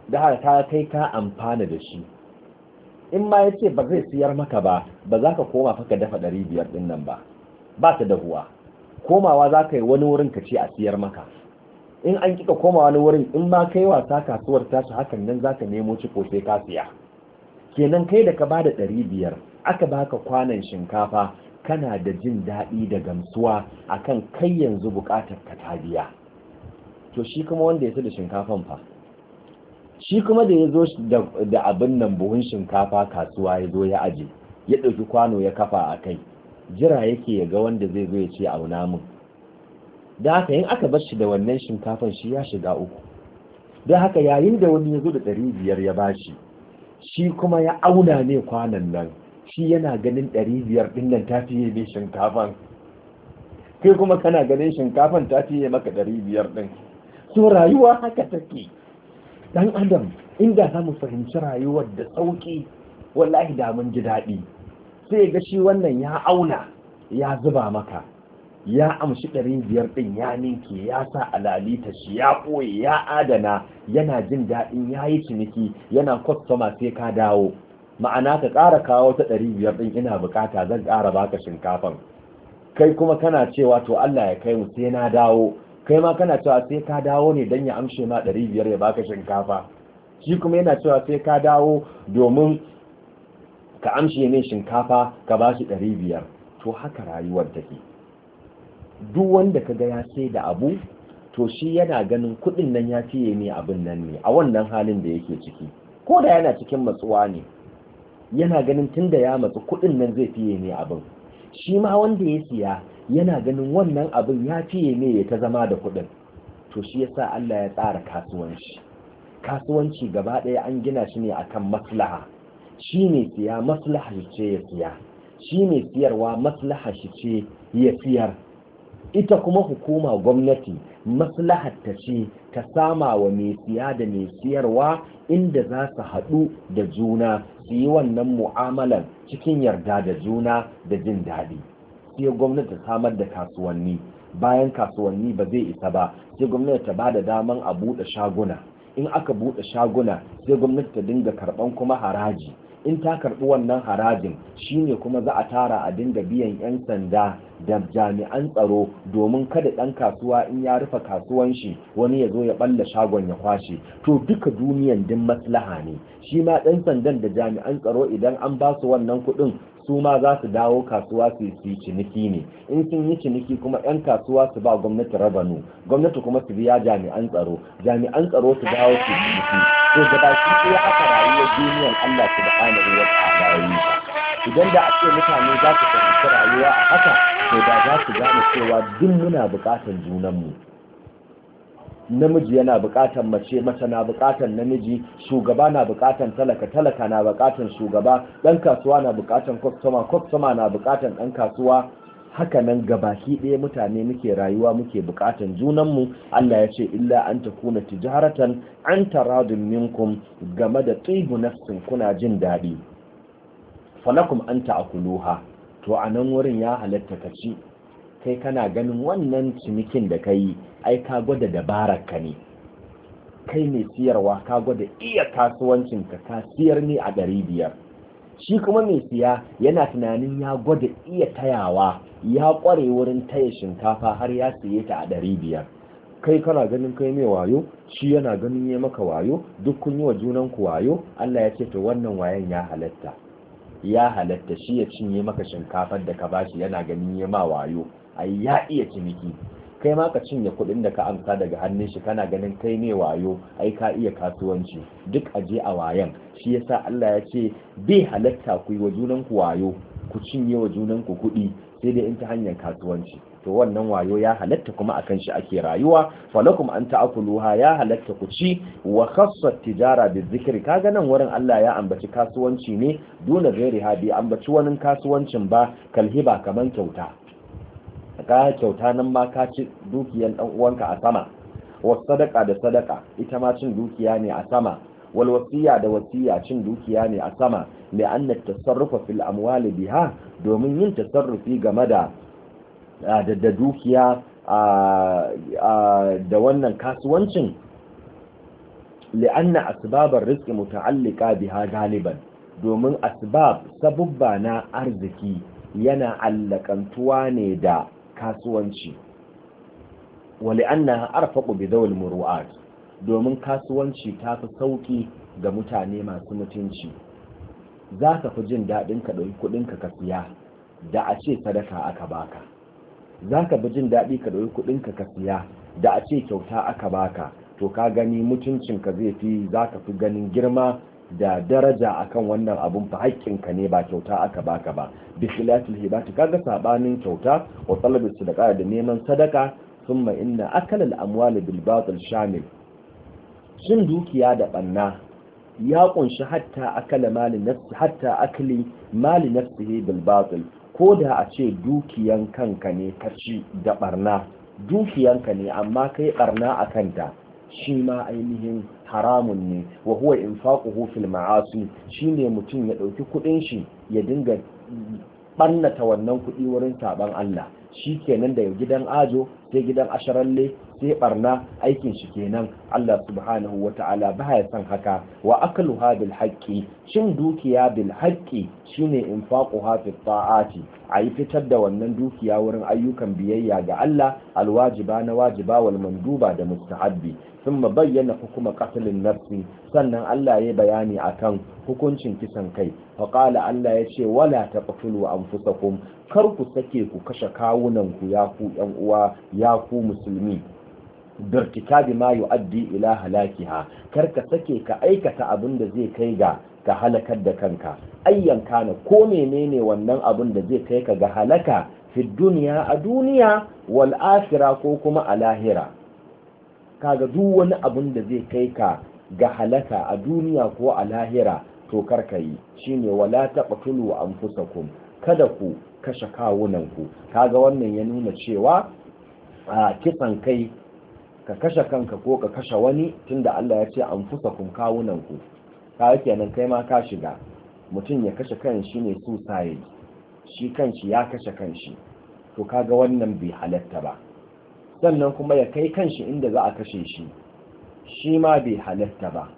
da haka ta kai ka amfana da shi in ma ya ce ba zai siyar maka ba ba za ka koma fa ka dafa ɗari biyar ɗin nan ba ba ta dahuwa komawa za ka yi wani wurin ka ce a siyar maka in an kika koma wani wurin in ma kai wasa kasuwar tashi hakan nan za ka nemo ciko sai ka siya kenan kai da ka bada ɗari biyar aka baka kwanan shinkafa kana da jin daɗi da gamsuwa akan kai yanzu buƙatar ka ta biya to shi kuma wanda ya da shinkafan fa shi kuma da ya zo da abin nan buhun shinkafa kasuwa ya zo ya aje ya ɗauki kwano ya kafa a kai jira yake ya ga wanda zai zo ya ce auna min da haka yin aka bar shi da wannan shinkafan shi ya shiga uku Da haka yayin da wani ya zo da ɗari biyar ya ba shi shi kuma ya auna ne kwanan nan shi yana ganin ɗari biyar ɗin nan ta fiye mai shinkafan kai kuma kana ganin shinkafan ta fiye maka ɗari biyar ɗin so rayuwa haka take dan adam inda za mu fahimci rayuwar da sauki wallahi da mun ji daɗi sai ga shi wannan ya auna ya zuba maka ya amshi ɗari biyar ɗin ya ninke ya sa alalita shi ya ɓoye ya adana yana jin daɗin ya yi ciniki yana kwastoma sai ka dawo ma'ana ka ƙara kawo ta ɗari biyar ɗin ina buƙata zan ƙara baka shinkafan kai kuma kana cewa to Allah ya kai mu sai na dawo kai ma kana cewa sai ka dawo ne don ya amshe ma ɗari biyar ya baka shinkafa shi kuma yana cewa sai ka dawo domin ka amshe ne shinkafa ka ba shi ɗari biyar to haka rayuwar take duk wanda ka ga ya sai da abu to shi yana ganin kudin nan ya fiye ne abin nan ne a wannan halin da yake ciki ko da yana cikin matsuwa ne yana ganin tun da ya matsu kudin nan zai fiye ne abin shi ma wanda ya siya yana ganin wannan abin ya fiye ne ya ta zama da kuɗin to shi ya sa Allah ya tsara kasuwanci kasuwanci gaba ɗaya an gina shi ne akan maslaha shi ne siya maslaha shi ce ya siya shi ne siyarwa maslaha shi ce ya siyar ita kuma hukuma gwamnati maslahar ta ce ta sama wa mai siya da mai siyarwa inda za su haɗu da juna su yi wannan mu'amalar cikin yarda da juna da jin daɗi sai gwamnati ta samar da kasuwanni bayan kasuwanni ba zai isa ba sai gwamnati ta ba da daman a buɗe shaguna in aka buɗe shaguna sai gwamnati ta dinga karɓan kuma haraji in ta karɓi wannan harajin shine kuma za a tara a dinga biyan 'yan sanda da jami'an tsaro domin kada ɗan kasuwa in ya rufe kasuwan shi wani ya zo ya ɓalla shagon ya kwashe to duka duniyan din maslaha ne shi ma ɗan sandan da jami'an tsaro idan an ba su wannan kuɗin su ma za su dawo kasuwa su yi ciniki ne in sun yi ciniki kuma 'yan kasuwa su ba gwamnati rabanu gwamnati kuma su biya jami'an tsaro jami'an tsaro su dawo su ciniki to ba su ya aka rayuwar duniyar Allah su wa ta'ala yi idan da a ce mutane za su fahimci rayuwa a haka to da za su gane cewa duk muna buƙatar junanmu namiji yana bukatan mace mace na bukatan namiji shugaba na bukatan talaka talaka na bukatan shugaba dan kasuwa na bukatan kwastoma kwastoma na bukatan dan kasuwa haka nan gabaki ɗaya mutane muke rayuwa muke bukatan junanmu Allah ya ce illa an ta tijaratan an taradun minkum game da tsibu nafsin kuna jin daɗi falakum an ta akuluha to a nan wurin ya halatta ka ci kai kana ganin wannan cinikin da ka yi ai ka gwada dabarar ka ne kai mai siyarwa ka gwada iya kasuwancin ka ka siyar ne a ɗari biyar shi kuma mai siya yana tunanin ya gwada iya tayawa ya ƙware wurin taya shinkafa har ya siye ta a ɗari biyar kai kana ganin kai mai wayo shi yana ganin ya maka wayo duk kun yi wa junan ku wayo Allah ya ce to wannan wayan ya halatta ya halatta shi ya cinye maka shinkafar da ka bashi yana ganin ya ma wayo a ya iya ciniki kai ma ka cinye kuɗin da ka amsa daga hannun shi kana ganin kai ne wayo ai ka iya kasuwanci duk a je a wayan shi yasa Allah ya ce bai halatta ku yi wa junan ku wayo ku cinye wa junan ku kuɗi sai dai in ta hanyar kasuwanci to wannan wayo ya halatta kuma akan shi ake rayuwa falakum an ta'kuluha ya halatta ku ci wa khassat tijara bizikri kaga nan wurin Allah ya ambaci kasuwanci ne dole gairi hadi ambaci wani kasuwancin ba kalhiba kaman kyauta ka kyauta nan ma ka ci dukiyar ɗan uwanka a sama wa sadaka da sadaka ita ma cin dukiya ne a sama wal wasiya da wasiya cin dukiya ne a sama mai anna tasarrufa fil amwali biha domin yin tasarrufi game da da dukiya da wannan kasuwancin li'anna asbabar rizqi muta'alliqa biha galiban domin asbab sabubba na arziki yana allakantuwa ne da kasuwanci wali annaha arfaqu bi dawil muru'at domin kasuwanci ta fi sauki ga mutane masu mutunci za ka fi jin daɗin ka ɗauki kuɗinka ka siya da a ce sadaka aka baka za ka fi jin daɗi ka ɗauki kuɗinka ka siya da a ce kyauta aka baka to ka gani mutuncinka zai fi za ka fi ganin girma da daraja akan wannan abun fa ka ne ba kyauta aka baka ba bi hibati kaga sabanin kyauta wa talabi sadaqa da neman sadaka thumma inna akalal amwal bil batil shamil shin dukiya da banna ya kunshi hatta akala mali nafsi hatta akli mali nafsihi bil batil ko da a ce dukiyan kanka ne ka ci da barna dukiyanka ne amma kai barna a kanta shi ma ainihin haramun ne wa huwa infaquhu fil ma'asi shine mutum ya dauki kudin shi ya dinga ɓannata wannan kuɗi wurin taban Allah shi kenan da gidan ajo sai gidan asharalle sai barna aikin shi kenan Allah subhanahu Wata'ala ba ya san haka wa aklu bil haqqi shin dukiya bil haqqi shine infaquha fi ta'ati ai fitar da wannan dukiya wurin ayyukan biyayya ga Allah alwajiba na wajiba wal manduba da mustahabbi sun bayyana hukuma katilin nafsi sannan Allah ya bayani akan hukuncin kisan kai faƙala Allah ya ce wala ta an an fusakun kar ku sake ku kashe kawunanku ya ku ‘yan uwa ya ku musulmi birtika bi ma yu'addi ila halakiha kar ka sake ka aikata abin da zai kai ga ka halakar da kanka ayyan kana ko menene wannan abin da zai kai ka ga halaka fi duniya a duniya Wal'afira, ko kuma a lahira kaga duk wani abun da zai kai ka ga halaka a duniya ko a lahira to karka yi shine wala taqtulu anfusakum kada ku kashe kawunan ku kaga wannan ya nuna cewa a kisan kai ka kashe kanka ko ka kashe wani tunda Allah ya ce anfusakum kawunan ku yake kenan kai ma ka shiga mutum ya kashe kan shi ne suicide shi kanshi ya kashe kanshi to kaga wannan bai halatta ba sannan kuma ya kai kanshi inda za a kashe shi shi ma bai halatta ba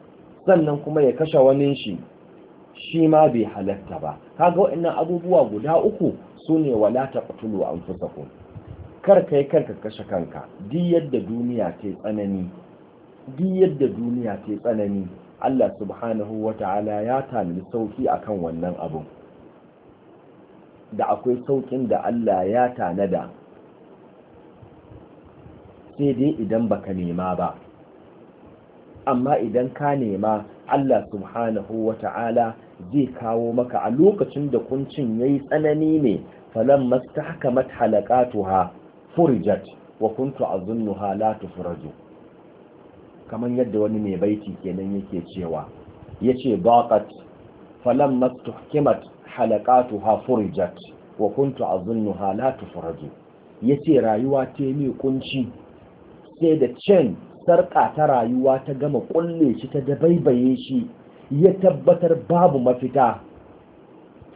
sannan kuma ya kashe wani shi shi ma bai halatta ba kaga waɗannan abubuwa guda uku su ne wala taqtulu anfusakum kar kai kar ka kashe kanka di yadda duniya ta tsanani di yadda duniya ta tsanani Allah subhanahu wata'ala ya tanadi sauki akan wannan abu da akwai saukin da Allah ya tanada sai dai idan baka nema ba amma idan ka nema Allah subhanahu wata'ala zai kawo maka a lokacin da kuncin yayi tsanani ne falan mastahkamat halaqatuha furijat wa kuntu azunnuha la tufraju kaman yadda wani mai baiti kenan yake cewa yace baqat falan mastahkamat halaqatuha furijat wa kuntu azunnuha la tufraju yace rayuwa ta mai kunci sai da cin sarƙa ta rayuwa ta gama ƙulle shi ta dabaibaye shi ya tabbatar babu mafita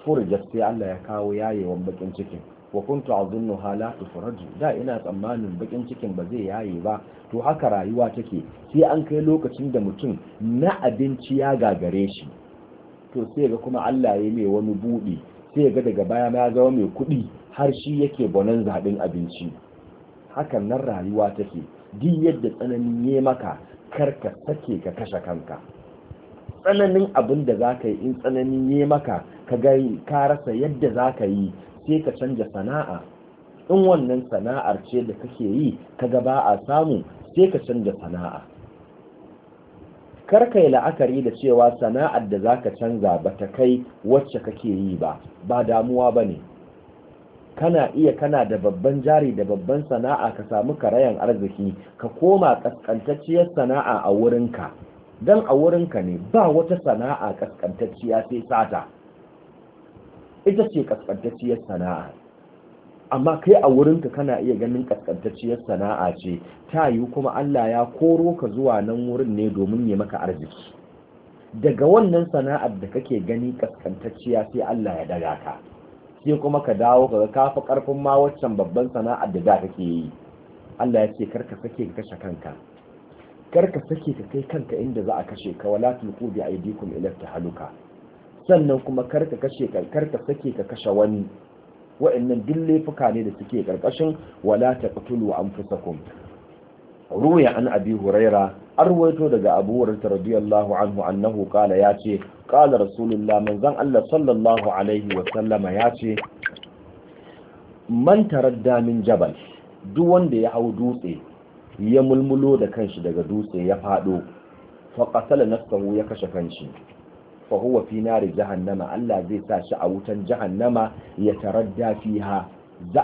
furjar sai Allah ya kawo yayewan bakin cikin wa kuntu azunnu hala tufraju da ina tsammanin bakin cikin ba zai yaye ba to haka rayuwa take sai an kai lokacin da mutum na abinci ya gagare shi to sai ga kuma Allah ya mai wani buɗi sai ga daga baya ma zama mai kuɗi har shi yake bonan zaɓin abinci hakan nan rayuwa take duk yadda tsananin ya maka karka sake ka kashe kanka tsananin abin da za ka yi in tsananin ya maka ka ka rasa yadda za ka yi sai ka canja sana'a in wannan sana'ar ce da kake yi ka ga ba a samu sai ka canja sana'a kar ka yi la'akari da cewa sana'ar da za ka canza ba ta kai wacce kake yi ba ba damuwa ba ne kana iya kana da babban jari da babban sana'a ka samu karayan arziki ka koma kaskantacciyar sana'a a wurinka don a wurinka ne ba wata sana'a kaskantacciya sai sata ita ce kaskantacciyar sana'a amma kai a wurinka kana iya ganin kaskantacciyar sana'a ce ta yi kuma Allah ya koro ka zuwa nan wurin ne domin ya maka arziki daga wannan sana'ar da kake gani kaskantacciya sai Allah ya daga ka sai kuma ka dawo ka kafa karfin ma waccan babban sana'ar da da kake yi Allah ya ce karka sake ka kashe kanka karka sake ka kai kanka inda za a kashe ka wala tulqu bi aydikum ila tahaluka sannan kuma karka kashe ka karka sake ka kashe wani wa'annan duk laifuka ne da suke karkashin wala taqtulu anfusakum ruya an abi huraira arwaito daga abu hurairah radiyallahu anhu annahu qala yace qala rasulullah manzan Allah sallallahu alaihi wa sallama yace man taradda min jabal duk wanda ya hau dutse ya mulmulo da kanshi daga dutse ya fado fa qatala nafsahu ya kashe kanshi fa huwa fi nari jahannama Allah zai sa shi a wutan jahannama ya taradda fiha za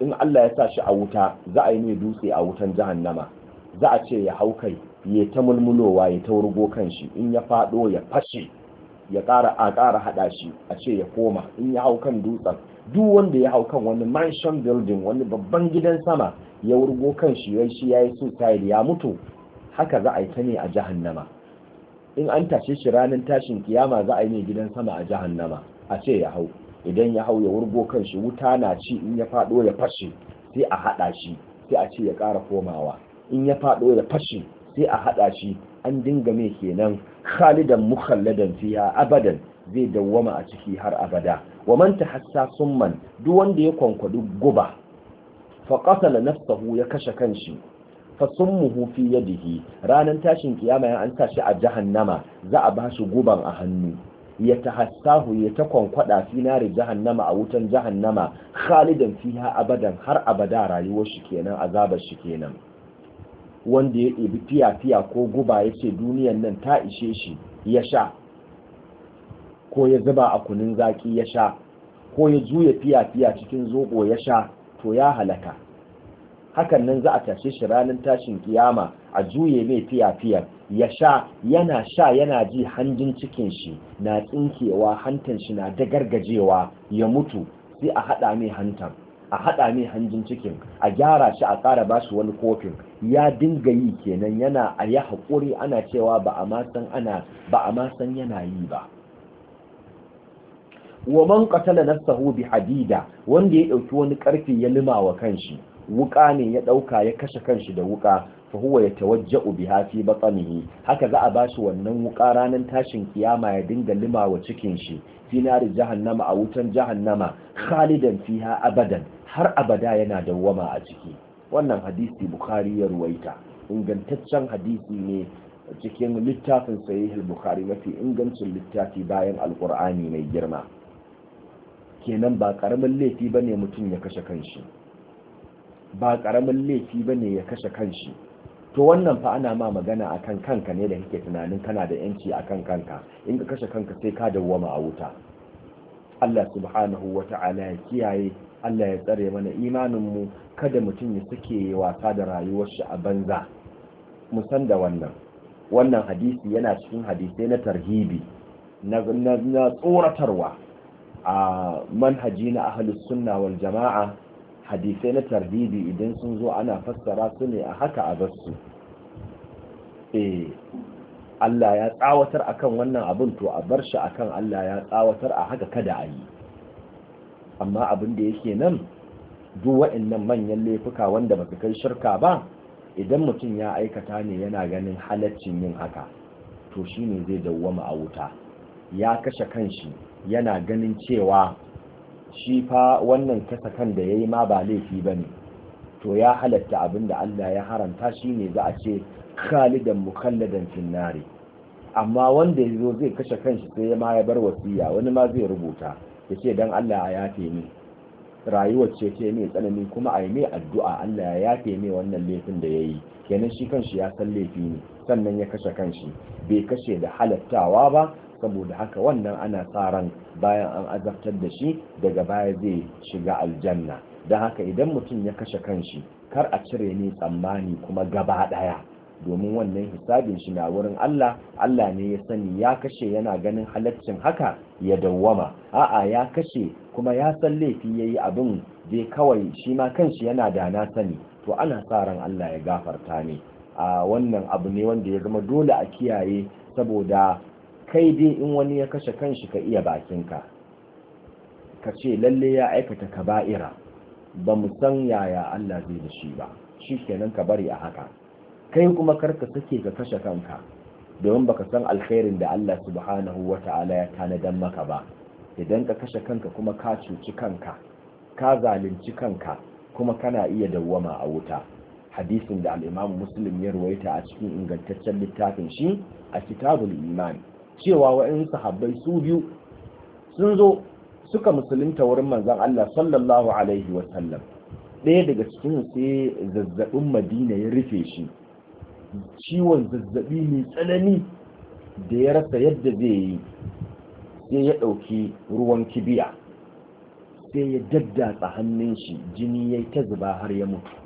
in Allah ya sa shi a wuta za a yi mai dutse a wutan jahannama za a ce ya hau kai ya ta mulmulowa ya ta wurgo kan shi in ya fado ya fashe ya ƙara a ƙara haɗa shi a ce ya koma in ya hau kan dutsen duk wanda ya hau kan wani mansion building wani babban gidan sama ya wurgo kan shi ya shi ya yi suicide ya mutu haka za a yi ta ne a jahannama in an tashe shi ranar tashin kiyama za a yi mai gidan sama a jahannama a ce ya hau idan ya hau ya wurgo kanshi, wuta na ci in ya faɗo ya fashe sai a haɗa shi sai a ce ya ƙara komawa in ya faɗo ya fashe sai a haɗa shi an dinga mai kenan khalidan mukhalladan fiha abadan zai dawwama a ciki har abada wa man tahassa summan duk wanda ya kwankwadi guba fa qatala nafsahu ya kashe kanshi fa summuhu fi yadihi ranan tashin kiyama an tashi a jahannama za a bashi guban a hannu ya ta hassahu ya ta kwankwada fi nari jahannama a wutan jahannama khalidan fiha abadan har abada rayuwar shi kenan azabar shi kenan wanda ya ɗebi fiya-fiya ko guba ya ce duniyan nan ta ishe shi ya sha ko ya zuba a kunin zaki ya sha ko ya juya fiya-fiya cikin zoɓo ya sha to ya halaka hakan nan za a tashe shi ranar tashin kiyama a juye mai fiya-fiya ya sha yana sha yana ji hanjin cikin shi na tsinkewa hantan shi na dagargajewa ya mutu sai a haɗa mai hantan a haɗa mai hanjin cikin a gyara shi a ƙara ba shi wani kofin ya dinga yi kenan yana a ya haƙuri ana cewa ba a ma san ana ba a ma yana yi ba wa man qatala nafsahu bi hadida wanda ya ɗauki wani ƙarfi ya lima wa kanshi wuka ne ya dauka ya kashe kanshi da wuka fa huwa yatawajja'u biha fi batnihi haka za a bashi wannan wuka ranan tashin kiyama ya dinga limawa cikin shi fi nari jahannama a wutan jahannama khalidan fiha abadan har abada yana dawwama a ciki wannan hadisi bukhari ya ruwaita ingantaccen hadisi ne cikin littafin sahihul bukhari mafi ingancin littafi bayan alqur'ani mai girma kenan ba karamin laifi bane mutum ya kashe kanshi ba karamin laifi ba ne ya kashe kanshi to wannan fa ana ma magana akan kanka ne da kake tunanin kana da yanci akan kanka in ka kashe kanka sai ka dawwama a wuta Allah subhanahu wa ta'ala ya kiyaye Allah ya tsare mana imaninmu kada mutum ya sake wasa da rayuwar shi a banza mu san da wannan wannan hadisi yana cikin hadisai na tarhibi na na tsoratarwa a manhaji na ahlus sunna wal jama'a hadisai na tarbibi idan sun zo ana fassara su ne a haka a basu eh Allah ya tsawatar akan wannan abin to a bar shi akan Allah ya tsawatar a haka kada a yi amma abin da yake nan duk waɗannan manyan laifuka wanda ba su kai shirka ba idan mutum ya aikata ne yana ganin halaccin yin haka to shi ne zai dawwama a wuta ya kashe kanshi yana ganin cewa shi fa wannan kasa kan da yayi ma ba laifi ba ne, to ya halatta abin da Allah ya haramta ne za a ce khalidan mukalladan finnari amma wanda ya zo zai kashe kanshi sai ma ya bar wasiya wani ma zai rubuta ya ce don Allah ya yafe ni rayuwar ce ce mai tsanani kuma a yi mai addu'a Allah ya yafe mai wannan laifin da ya yi kenan shi kanshi ya san laifi ne sannan ya kashe kanshi bai kashe da halattawa ba saboda haka wannan ana sa ran bayan an azabtar da shi daga baya zai shiga aljanna don haka idan mutum ya kashe kanshi kar a cire ne tsammani kuma gaba ɗaya domin wannan hisabin shi na wurin Allah Allah ne ya sani ya kashe yana ganin halaccin haka ya dawwama a'a ya kashe kuma ya san laifi yayi abin zai kawai shi ma kanshi yana da na sani to ana sa ran Allah ya gafarta ne a wannan abu ne wanda ya zama dole a kiyaye saboda kai dai in wani ya kashe kanshi ka iya bakinka ka ce lalle ya aikata kaba'ira ba mu san yaya Allah zai da shi ba shi kenan ka bari a haka kai kuma karka sake ka kashe kanka domin baka san alkhairin da Allah subhanahu wata'ala ya tanadan maka ba idan ka kashe kanka kuma ka cuci kanka ka zalunci kanka kuma kana iya dawwama a wuta hadisin da al-Imam Muslim ya ruwaita a cikin ingantaccen littafin shi a Kitabul Iman cewa wa'in sahabbai su biyu sun zo suka musulunta wurin manzan Allah sallallahu alaihi wasallam ɗaya daga cikin sai zazzaɓin madina ya rufe shi ciwon zazzaɓi mai tsanani da ya rasa yadda zai yi sai ya ɗauki ruwan kibiya sai ya daddatsa hannun shi jini ya ta zuba har ya mutu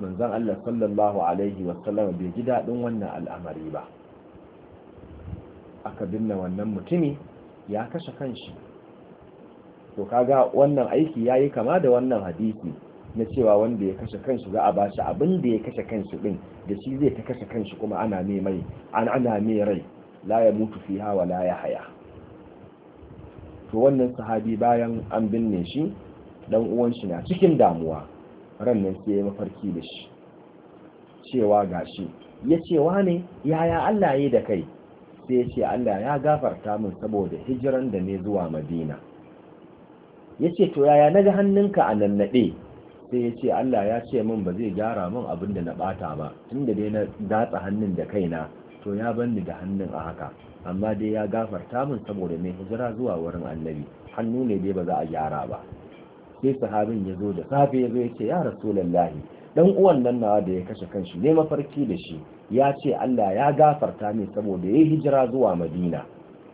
manzon Allah sallallahu alaihi wasallam bai ji daɗin wannan al'amari ba aka binne wannan mutumi ya kashe kanshi to kaga wannan aiki ya yi kama da wannan hadisi na cewa wanda ya kashe kanshi za a ba shi abin da ya kashe kanshi ɗin da shi zai ta kashe kanshi kuma ana ne mai an ana ne rai la ya mutu fiha wa la ya haya to wannan sahabi bayan an binne shi dan uwan shi na cikin damuwa ran nan sai ya mafarki da shi cewa gashi ya ce wane yaya Allah ya da kai sai ya ce Allah ya gafarta min saboda hijiran da ne zuwa Madina ya ce to yaya naga ga hannunka a nan naɗe sai ya ce Allah ya ce min ba zai gyara min abin da na ɓata ba tunda dai na datsa hannun da kaina to ya banni da hannun a haka amma dai ya gafarta min saboda mai hijira zuwa wurin annabi hannu ne dai ba za a gyara ba sai sahabin ya zo da safe ya zo ya ce ya rasulallahi dan uwan nan nawa da ya kashe kanshi ne mafarki da shi ya ce Allah ya gafarta ne saboda ya hijira zuwa Madina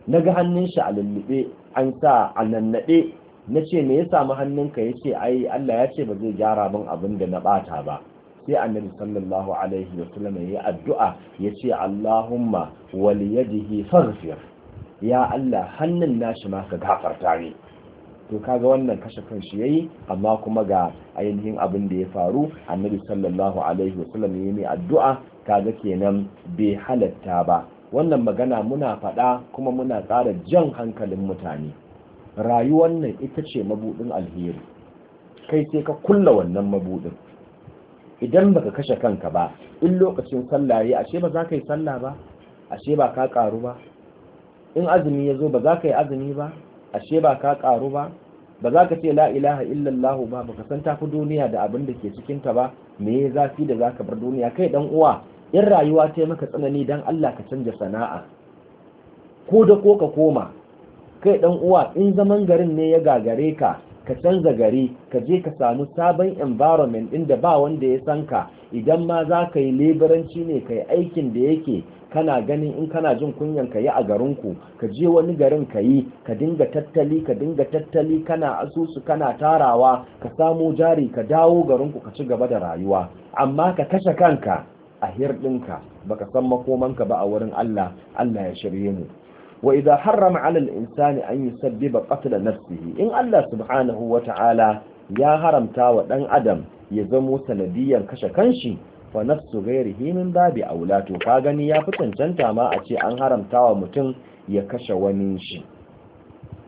naga hannun shi a lullube an sa a nannaɗe na ce me ya samu hannunka ya ce ai Allah ya ce ba zai gyara min abin da na bata ba sai annabi sallallahu alaihi wa sallam ya addu'a ya ce Allahumma waliyadihi farfir ya Allah hannun nashi ma ka gafarta ne to kaga wannan kashe kan shi yayi amma kuma ga ainihin abin da ya faru annabi sallallahu alaihi wasallam ya yi addu'a kaga kenan bai halatta ba wannan magana muna faɗa kuma muna tsara jan hankalin mutane rayuwar nan ita ce mabuɗin alheri kai sai ka kulla wannan mabudin idan baka kashe kanka ba in lokacin sallah yayi ashe ba za ka yi sallah ba ashe ba ka karu ba in azumi ya zo ba za ka yi azumi ba ashe ba ka karu ba ba za ka ce la ilaha illallah ba ka san tafi duniya da abin da ke cikin ta ba me ya zafi da za ka bar duniya kai dan uwa in rayuwa ta maka tsanani dan Allah ka canja sana'a ko da ko ka koma kai dan uwa in zaman garin ne ya gagare ka ka canza gari ka je ka samu sabon environment ɗin da ba wanda ya san ka idan ma za ka yi leburanci ne ka yi aikin da yake kana ganin in kana jin kunyan ka yi a garinku ka je wani garin ka yi ka dinga tattali ka dinga tattali kana asusu kana tarawa ka samo jari ka dawo garinku ka ci gaba da rayuwa amma ka kashe kanka a hirɗinka baka san makomanka ba a wurin Allah Allah ya shirye mu wa idza harrama 'ala al-insani an yusabbiba qatla nafsihi in Allah subhanahu wa ta'ala ya haramta wa dan adam ya zamo sanadiyan kashe kanshi fa nafsu ghairihi min babi aula to ka gani ya fi cancanta ma a ce an haramta wa mutum ya kashe wani shi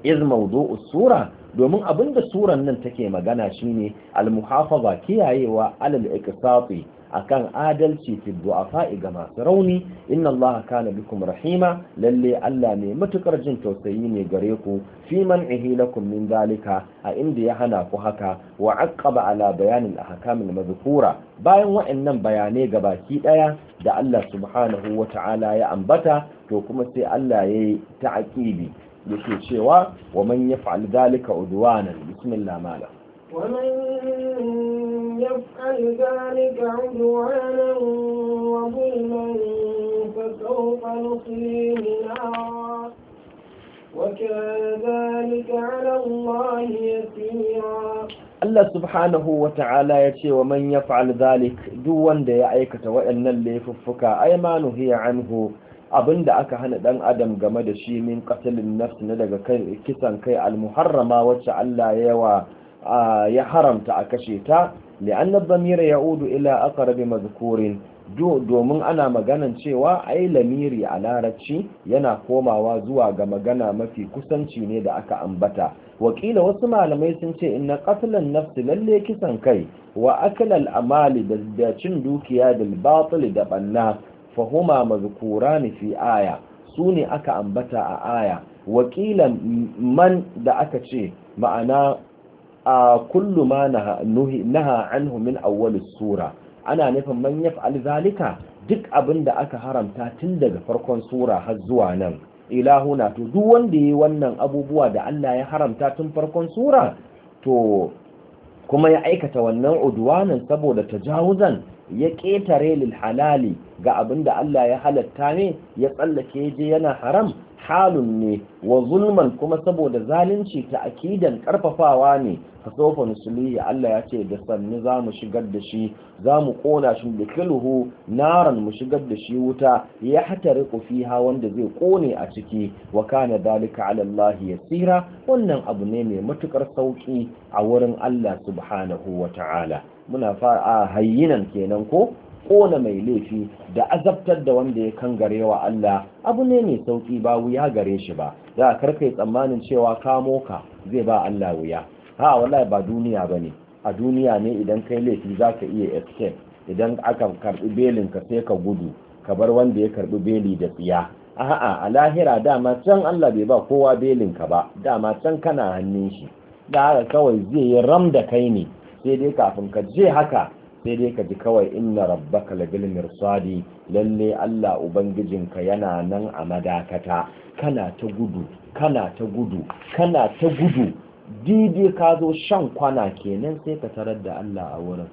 iz mawdu'u sura domin abinda suran nan take magana shine al-muhafaza kiyayewa alal iqsati akan adalci fi du'afa ga masu rauni inna Allah kana bikum rahima lalle Allah ne matukar jin tausayi ne gare ku fi hila lakum min dalika a inda ya hana ku haka wa aqaba ala bayanin ahkamin mazkura bayan wa'annan bayanai gabaki daya da Allah subhanahu wata'ala ya ambata to kuma sai Allah yayi ta'aqibi yake cewa wa man yaf'al dalika udwanan bismillah malam ومن يفعل ذلك عدوانا وظلما فسوف نصليه نارا وكان ذلك على الله يسيرا Allah subhanahu wa ta'ala ya ce wa man ya fa'al zalik duk wanda ya aikata waɗannan laifuffuka aimanu hiya anhu abinda aka hana ɗan adam game da shi min ƙasalin nafsu na daga kisan kai al-muharrama wacce Allah ya yawa ya haramta a kashe ta li'anna ya udu ila aqrabi madhkurin domin ana maganan cewa ai lamiri a larabci yana komawa zuwa ga magana mafi kusanci ne da aka ambata wakila wasu malamai sun ce inna qatlan nafsi lalle kisan kai wa aklal amali da cin dukiya da batil da banna fahuma mazkurani fi aya su ne aka ambata a aya wakilan man da aka ce ma'ana a kullu ma naha anhu min awwalis sura ana nufin man yaf'al zalika duk abin da aka haramta tun daga farkon sura har zuwa nan ilahuna to duk wanda yi wannan abubuwa da Allah ya haramta tun farkon sura to kuma ya aikata wannan udwanan saboda tajawuzan ya ketare lil halali ga abin da Allah ya halatta ne ya tsallake je yana haram halun ne wa zulman kuma saboda zalunci ta akidan karfafawa ne ka tsofa nusuliya Allah ya ce da sannu za mu shigar da shi za mu kona shi da kiluhu, naran mu shigar da shi wuta ya hatari ha wanda zai kone a ciki wa kana dalika ala Allah tsira wannan abu ne mai matukar sauki a wurin Allah subhanahu wa ta'ala muna fara hayyinan kenan ko kona mai laifi da azabtar da wanda ya kangare wa Allah abu ne mai sauki ba wuya gare shi ba za a yi tsammanin cewa kamo ka zai ba Allah wuya ha wallahi ba duniya ba ne, a duniya ne idan kai laifi za ka iya escape idan aka karbi belin ka sai ka gudu ka bar wanda ya karbi beli da tsiya a'a a lahira dama can Allah bai ba kowa belin ka ba dama can kana hannun shi da haka kawai zai yi ram da kai ne sai dai kafin ka je haka sai dai ka ji kawai inna rabbaka labil mirsadi lalle Allah ubangijinka yana nan a madakata kana ta gudu kana ta gudu kana ta gudu didi ka zo shan kwana kenan sai ka tarar da Allah a wurin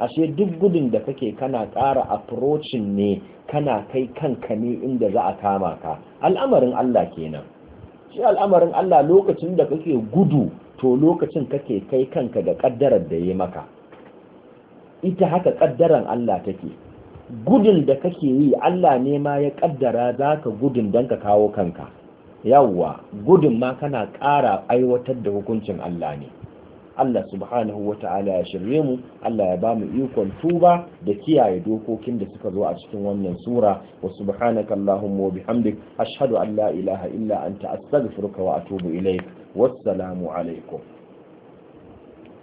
ashe duk gudun da kake kana ƙara approaching ne kana kai kanka ne inda za a kama ka al'amarin Allah kenan shi al'amarin Allah lokacin da kake gudu to lokacin kake kai kanka da ƙaddarar da ya maka ita haka kaddaran Allah take gudun da kake yi Allah ne ma ya ƙaddara za ka gudun don ka kawo kanka yawwa gudun ma kana ƙara aiwatar da hukuncin Allah ne Allah subhanahu wa ta'ala ya shirye mu Allah ya ba mu ikon tuba da kiyaye dokokin da suka zo a cikin wannan sura wa subhanaka allahumma wa bihamdik ashhadu an la ilaha illa anta astaghfiruka wa atubu ilayk wassalamu alaikum